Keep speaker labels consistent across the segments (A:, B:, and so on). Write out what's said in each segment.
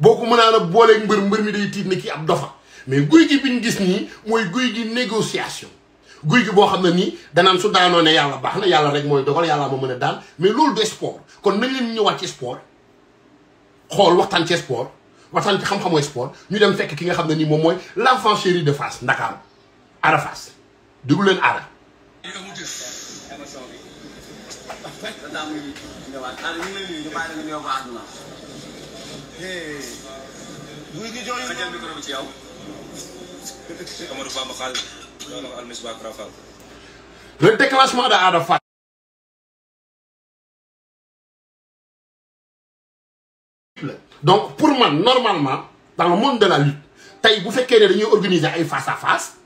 A: boo ko mënaan a booleeg mbër mbër mi day tiit ne kii ab dofa mais guy gi bi ñu gis nii mooy guy gi négociation guy gi boo xam ne nii danaan su daanoo ne yàlla baax na yàlla rek mooy dogal yàlla ma mën a daan mais loolu du sport kon nañ ñu ñëwaat ci sport xool waxtaan ci sport waxtaan ci xam-xamu sport ñu dem fekk ki nga xam ne nii moom mooy la chéri de Fass Ndakaaru Ada Fass déglu leen Ada. guy donc pour man normalement dans le monde de la lutte tey bu fekkee ne dañuy organiser ay face à face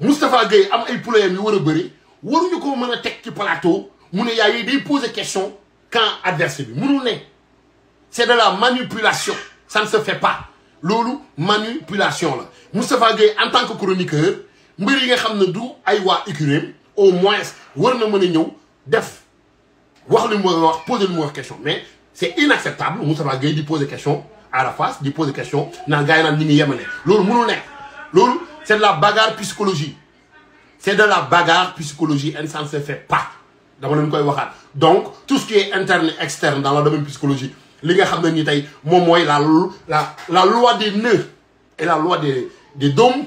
A: am ay problème yu war a bëri waruñu ko mën a teg ci plateau mu ne yaay yooyu day poser question quand adversaire bi mënul ne. c'est de la manipulation ça ne se fait pas loolu manipulation la Moustapha Gueye en tant que chroniqueur mbir yi nga xam ne du ay wax écuréem au moins war na mën a ñëw def wax lu mu wax poser lu mu wax question mais c'est inacceptable Moustapha Gueye di poser question à la face di poser question naan gars yi naan ñi ngi yemale loolu mënul nekk loolu c'est de la bagarre psychologie c'est de la bagarre psychologie et ça ne se fait pas dama leen koy waxaat donc tout ce qui est interne externe dans le li nga xam ne ni tey moom mooy la la la loi des nœuds et la loi des des dômes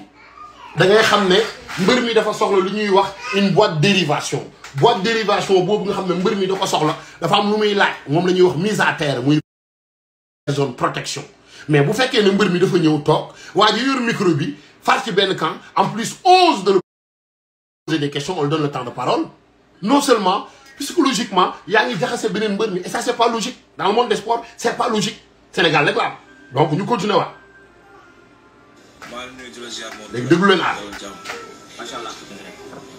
A: xam ne mbër mi dafa soxla lu ñuy wax une boîte dérivation boîte dérivation boobu nga xam ne mbër mi da soxla dafa am lu muy laaj moom la ñuy wax mise à terre muy zone protection mais bu fekkee ne mbër mi dafa ñëw toog waa ji yor micro bi far ci benn camp en plus ose de le poser des on lui donne le temps de parole non seulement psychologiquement yaa ngi jaxase beneen mbër mi et ça c' est pas logique dans le monde des sports pas logique Sénégal rek la am donc ñu continuer waat. maa ngi nuyu di la ziar moom. léegi déglu leen aar. macha allah.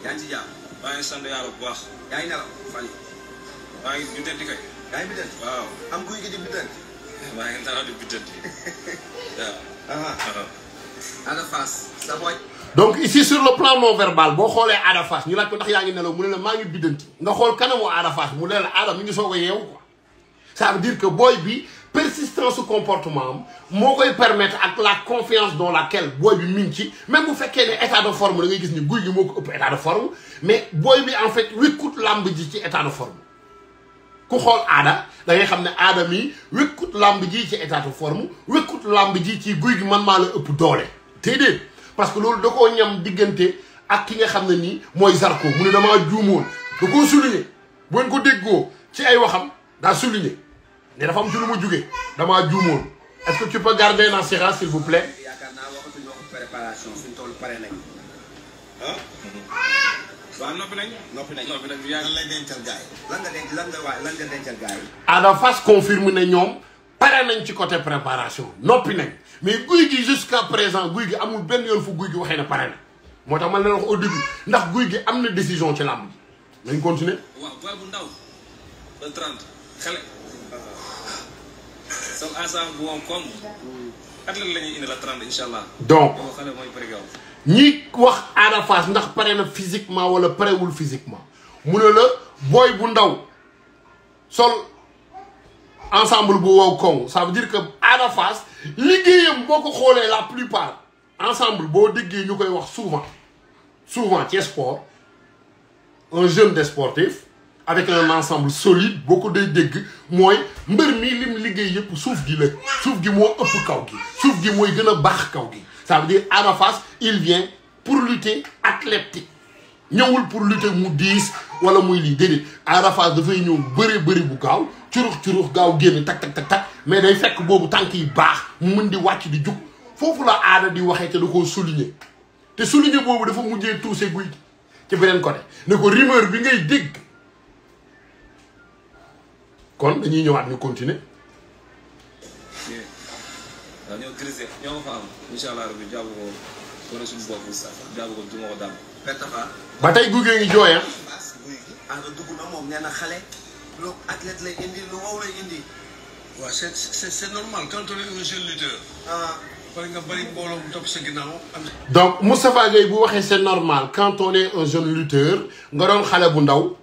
A: yaa ngi ci jàmm. maa ngi sant yàlla bu baax. yaa ngi nelaw fan donc ici sur le plan non verbal boo xoolee Ada Fass ñu laaj ko ndax yaa ngi nelaw mu ne la maa ngi biddanti nga xool kanamu Ada Fass mu ne la Ada mi ngi soog a yeewu quoi ça veut dire que booy bi persistance su comportement am moo koy permettre ak la confiance la laquelle booy bi mi ngi ci mais bu fekkee ne état de forme da ngay gis ni guy gi moo ko ëpp état de forme mais booy bi en fait wékkut làmb ji ci état de forme ku xool aada da ngay xam ne aada mi wékkut làmb ji ci état de forme wékkut làmb ji ci guy gi man maa la ëpp doole parce que loolu da koo ñam diggante ak ki nga xam ne nii mooy Zarko mu ne damaa juumoon da koo souligner bu ngeen ko déggoo ci ay waxam daa souligner ne dafa am ci lu ma jugee damaa juumoon est-ce que naa waxatuñu waxu confirme ne ñoom. pare nañ ci côté préparation noppi nañ mais guy gi jusqu'à présent guy gi amul benn yoon fu guy gi waxee ne pare na moo tax man leen wax au ndax guy gi am na décision ci làmb bi continuer waaw ndaw le 30 xale som ensemble bu moom la ñuy donc xale mooy bëri gaaw ñi wax Ada ndax pare na physiquement wala parewul physiquement mu ne la booy bu ndaw sol ensemble bu wow koŋ ça veut dire que Ada Fass liggéeyam boo ko xoolee la plupart ensemble boo déggee ñu koy wax souvent souvent ci sport un jeune de sportif avec un ensemble solide boo ko day dégg mooy mbër mi lim liggéey yëpp suuf gi la suuf gi moo ëpp kaw gi suuf gi mooy gën a baax kaw gi ça veut dire Ada Fass il vient pour lutter athlétique ñëwul pour lutter mu diis wala muy lii déedéet Ada Fass dafay ñëw bëri bëri bu gaaw curux curux gaaw génn tak tak tak mais day fekk boobu tànk yi baax mu mën di wàcc di jug foofu la aada di waxee te da ko souligner te souligner boobu dafa mujjee tuuse guy ci beneen côté ne ko rumeur bi ngay dégg kon dañuy ñëwaat ni continuer waaw ñoo grisé allah rabi jaabu ko wane suñu daal ba tey guy gi ngi jooyam ah? ah, dugg na moom nee xale lu athlète lay indi lu wow lay indi. un jeune lutteur. Ah. nga bari mbooloo mu topp sa ginnaaw. donc Moustapha Gueye bu waxee c' normal quand on un jeune lutteur nga doon xale bu ndaw.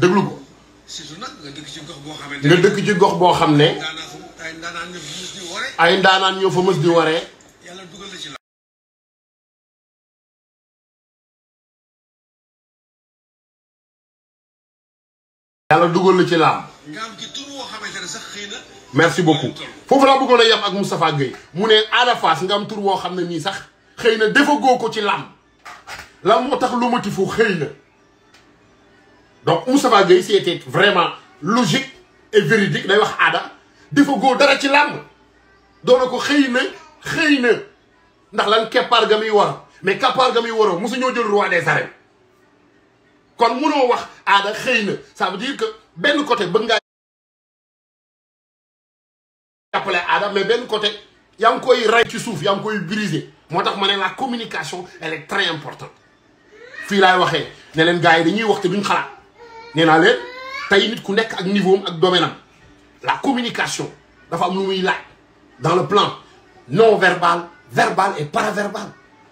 A: déglu ko. surtout nag nga dëkk ci gox boo ci gox boo xam ne. ay ndaanaan ñoo fa mës di waree. yàlla dugal na ci laam. merci beaucoup foofu laa bëggoon a yem ak Moustapha Gueye mu ne Ada nga am tur woo xam ne nii sax xëy na dafa góo ko ci laam la moo tax lu motifu xëy na donc Moustapha Gueye c'était vraiment logique et véridique day wax aada dafa góo dara ci laam na ko xëy na xëy na ndax lan keppaar ga muy war mais keppaar ga muy waroo mosu ñoo jël roi des arènes. kon munoo wax aada xëy na ça veut dire que benn côté bëgg ngaa aada mais benn côté yaa ngi koy rey ci suuf yaa ngi koy briser moo tax ma ne la communication elle est très importante fii laay waxee ne leen gars yi dañuy wax te duñ xalaat nee naa leen tey ku nekk ak niveau ak domaine la communication dafa am lu muy laaj dans le plan non verbal verbal et paraverbal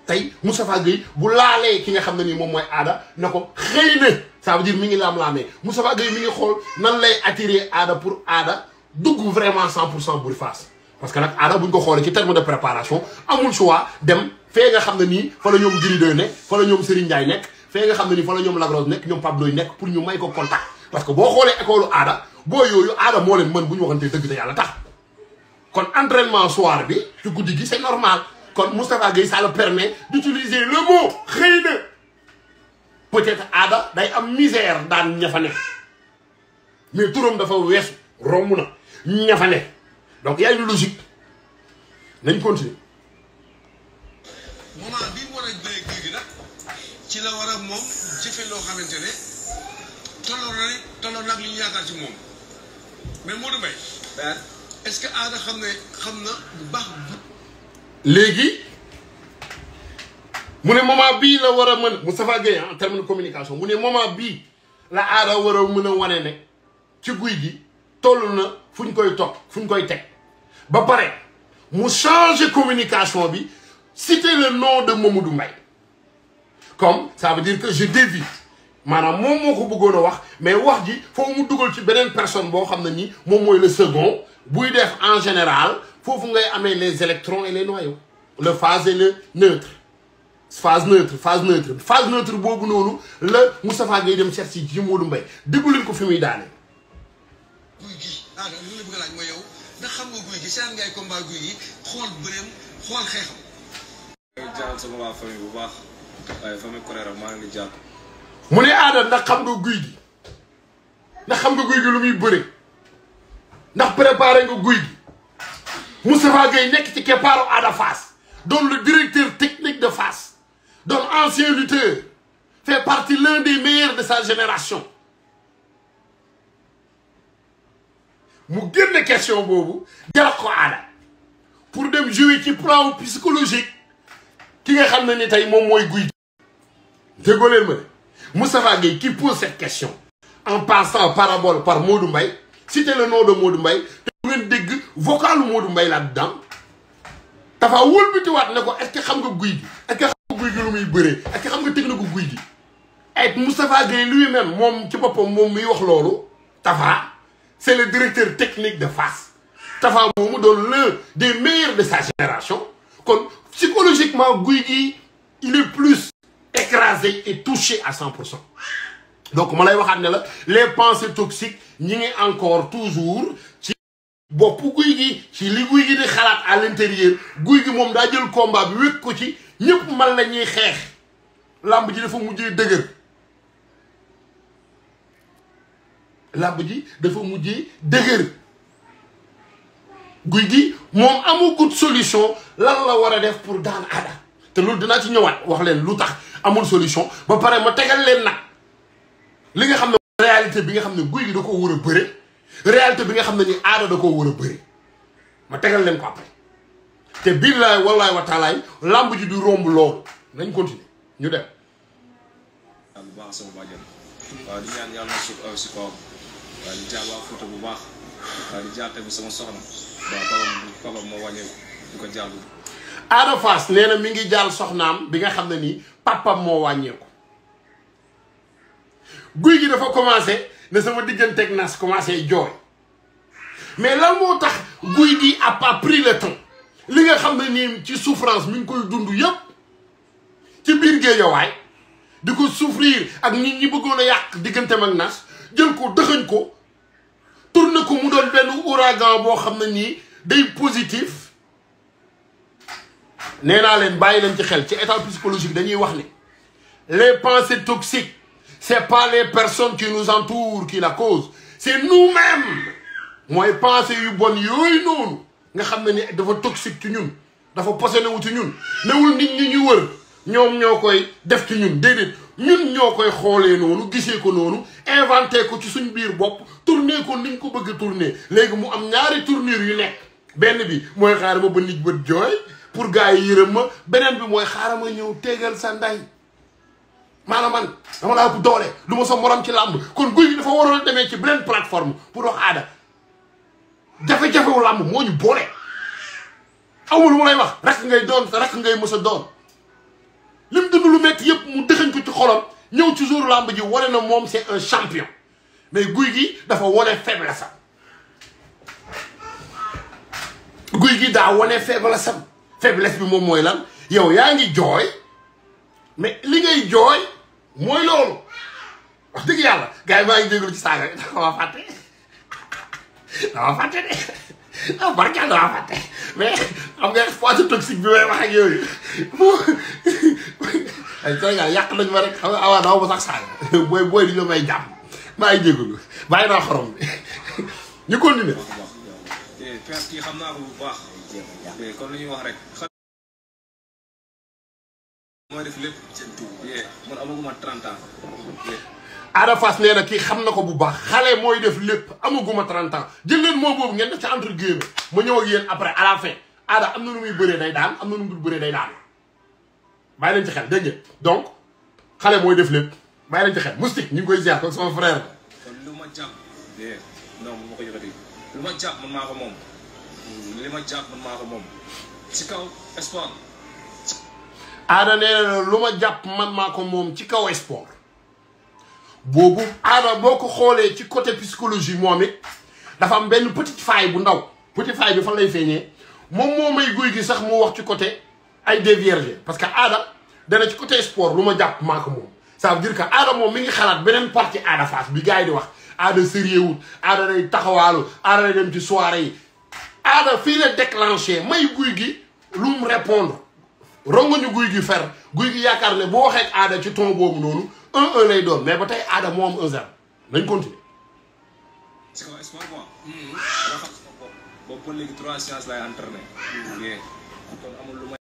A: tey Moustapha Gueye bu laalee ki nga xam ne nii moom mooy aada na ko xëy ne ça veut dire mi ngi laam-laamee Moustapha Gueye mi ngi xool nan lay attirer aada pour aada dugg vraiment cent pour cent Bour Fass parce que nag aada buñ ko xoolee ci terme de préparation amul choix dem fee nga xam ne nii fa la ñoom Giri Doy nekk fa la ñoom Serigne Ndiaye nekk fee nga xam na nii fa la ñoom Lagros nekk ñoom Pape Doy nekk pour ñu may ko contact parce que boo xoolee école aada boo yooyu aada moo leen mën bu ñu waxantee dëgg te yàlla tax kon entraînement soir bi guddi gi c'est normal kon Moustapha Gueye ça le permet d'utiliser le mot xëy na peut-être aada day am misère daan ña fa ne mais turam dafa weesu romb na ña fa donc y a une logique nañ continuer moment bi mu war a jëlee kii nag ci la war a moom jëfe loo xamante ne tolloo na nag li ñu yaakaar ci moom mais Modou Mbaye est-ce que aada xam ne xam na bu baax léegi mu ne moment bii la war a mën Moustapha Gueye en terme de communication mu ne moment bii la aada war a mën a wane ne ci guy gi toll na fu ñu koy toog fu ñu koy teg ba pare mu changer communication bi citer le nom de du Mbaye comme ça veut dire que je dévie maanaam moom moo ko bëggoon wax mais wax ji foo mu dugal ci beneen personne boo xam ne nii moom mooy le second buy def en général foofu ngay amee les électrons et les la le phase et le neutre phase neutre phase neutre boobu noonu la Moustapha Gueye dem cherche ci Modou Mbaye déglu leen ko fi muy daane. guy gi ah li la bëgg laaj mooy yow ndax xam nga guy gi seen ngay combat xool bëreem xool xeexam. bu baax waaye famille mu ne aada ndax xam nga guy gi ndax xam nga guy gi lu muy bëre ndax préparé nga guy gi. Moustapha Gueye nekk ci keppaaru Ada Fass doon le directeur technique de Fass doon ancien lutteur fait partie l'un des meilleurs de sa génération mu génne question boobu jarax ko Ada pour dem jouer ci plan psychologique ki nga xam ne ni tey moom mooy guy déggoo leen ma ne Moustapha Gueye qui pose cette question en passant parabole par Modou Mbaye citez le nom de Modou Mbaye te ngeen dégg vocal Modou Mbaye laa daan dafa wëlbatiwaat ne ko est-ce que xam nga guy gi est-ce que xam nga guy di lu muy est-ce que xam nga guy gi et Moustapha Gueye lui-même moom ci boppam moom muy wax loolu Tafa c'est le directeur technique de Fass Tafa moomu doon l'un des meilleurs de sa génération kon psychologiquement guy gi il plus écrasé et touché à cent pour cent donc ma lay waxaat ne la les pensées toxiques ñi ngi encore toujours bopp guy gi ci li guy gi di xalaat à l'intérieur guy gi moom daa jël combat bi wékk ko ci ñëpp man la ñuy xeex làmb ji dafa mujjee dëgër làmb ji dafa mujjee dëgër guy gi moom amagut solution lan la war a def pour daan aada te loolu dinaa ci ñëwaat wax leen lu tax amul solution ba pare ma tegal leen nag li nga xam ne réalité bi nga xam ne guy gi da ko war a bëre réalité bi nga xam ne ni aada da koo war a bëri ma tegal leen ko après te billaay wallaay wa taalaay làmb ji du romb loolu nañ continuer ñu dem. bu baax sama bàjjan waaw di ñaan yàlla na suuf aw euh, si bu baax waaw di jaar tamit sama soxna mi ngi jaal soxnaam bi nga xam ne nii papam moo wàññeeku guy gi dafa commencé. ne sama digganteeg nas commencé jooy mais lan moo tax guy gi a pas pris le temps li nga xam ne nii ci souffrance mi ngi koy dund yëpp ci biir géejawaay di ko souffrir ak nit ñi bëggoon a yàq diggante ak nas jël ko dëxëñ ko tourné ko mu doon benn ouragan boo xam ne nii day positif nee naa leen bàyyi leen ci xel ci état psychologique dañuy wax ni les pensées toxique c'est pas les personnes qui nous entourent qui la cause c'est nous-mêmes mooy pensée yu bon yooyu noonu nga xam na ni dafa toxique ci ñun dafa posé wu ci ñun newul nit ñi ñu wër ñoom ñoo koy def ci ñun déedéet ñun ñoo koy xoolee noonu gisee ko noonu inventé ko ci suñ biir bopp tourné ko niñ ko bëgg a tourné léegi mu am ñaari tournure yu nekk benn bi mooy xaaral ma ba nit bët jooy pour gars yi yërëm ma beneen bi mooy xaaral ma ñëw tegal sa ndey maanaam man dama laa ëpp doole lu ma sa morom ci làmb kon guy gi dafa waroon demee ci beneen plateforme pour wax aada jafe-jafewu làmb moo ñu boole amul lu mu lay wax rek ngay doon rek ngay mës a doon lim dund lu metti yëpp mu dëxañ ko ci xolam ñëw ci jour làmb ji wane na moom c'est un champion mais guy gi dafa wane faiblesse am guy gi daa wane faiblesse am faiblesse bi moom mooy lan yow yaa ngi jooy mais li ngay jooy mooy loolu wax dëgg yàlla gars maa ngi jégalu ci saaga bi dama fàtte dama fàtte de ah barke yàlla dama fàtte mais xam nga poids toxique bi may wax ak yooyu moom ay Sénégal yàq nañu ma rek xam nga awa dama ma sax saaga booy booy di ñu may jàmm maa ngi jégalu bàyyi na xorom bi ñu continuer. waaw eh, yi xam naa ko bu baax. mais mooy def lépp seen tuuti. man amaguma Ada Fass nee na kii xam na ko bu baax xale mooy def lépp amaguma 30 ans jël leen moo boobu ngeen def ca entre guillemets ma ñëw ak yéen après à la fin Ada am na nu muy bëree day daan am na nu mu day daan bàyyi leen ci xel dégg donc xale mooy def lépp bàyyi leen ci xel moustique ñu koy ziar kon sama ma jàpp. ma ko yëkkati lu ma jàpp man maa mm, kaw espoir. aada nee lu ma jàpp man maa ko moom ci kaw sport boobu aada boo ko xoolee ci côté psychologie moom it dafa am benn petite faille bu ndaw petite faille bi fa lay feeñee moom moo may guy gi sax mu wax ci côté ay dévierge parce que aada dana ci côté sport lu ma jàpp maa ko moom ça veut que aada moom mi ngi xalaat beneen partie aada face bi gars di wax aada sérieux wut aada day taxawaalu aada day dem ci soirée yi aada fii la déclenché may guy gi lu mu ronguñu guy gi fer guy gi yaakaar ne boo waxee aada ci ton boobu noonu un un lay doon mais ba tey aada moom am un zéro nañ continuer. est-ce que est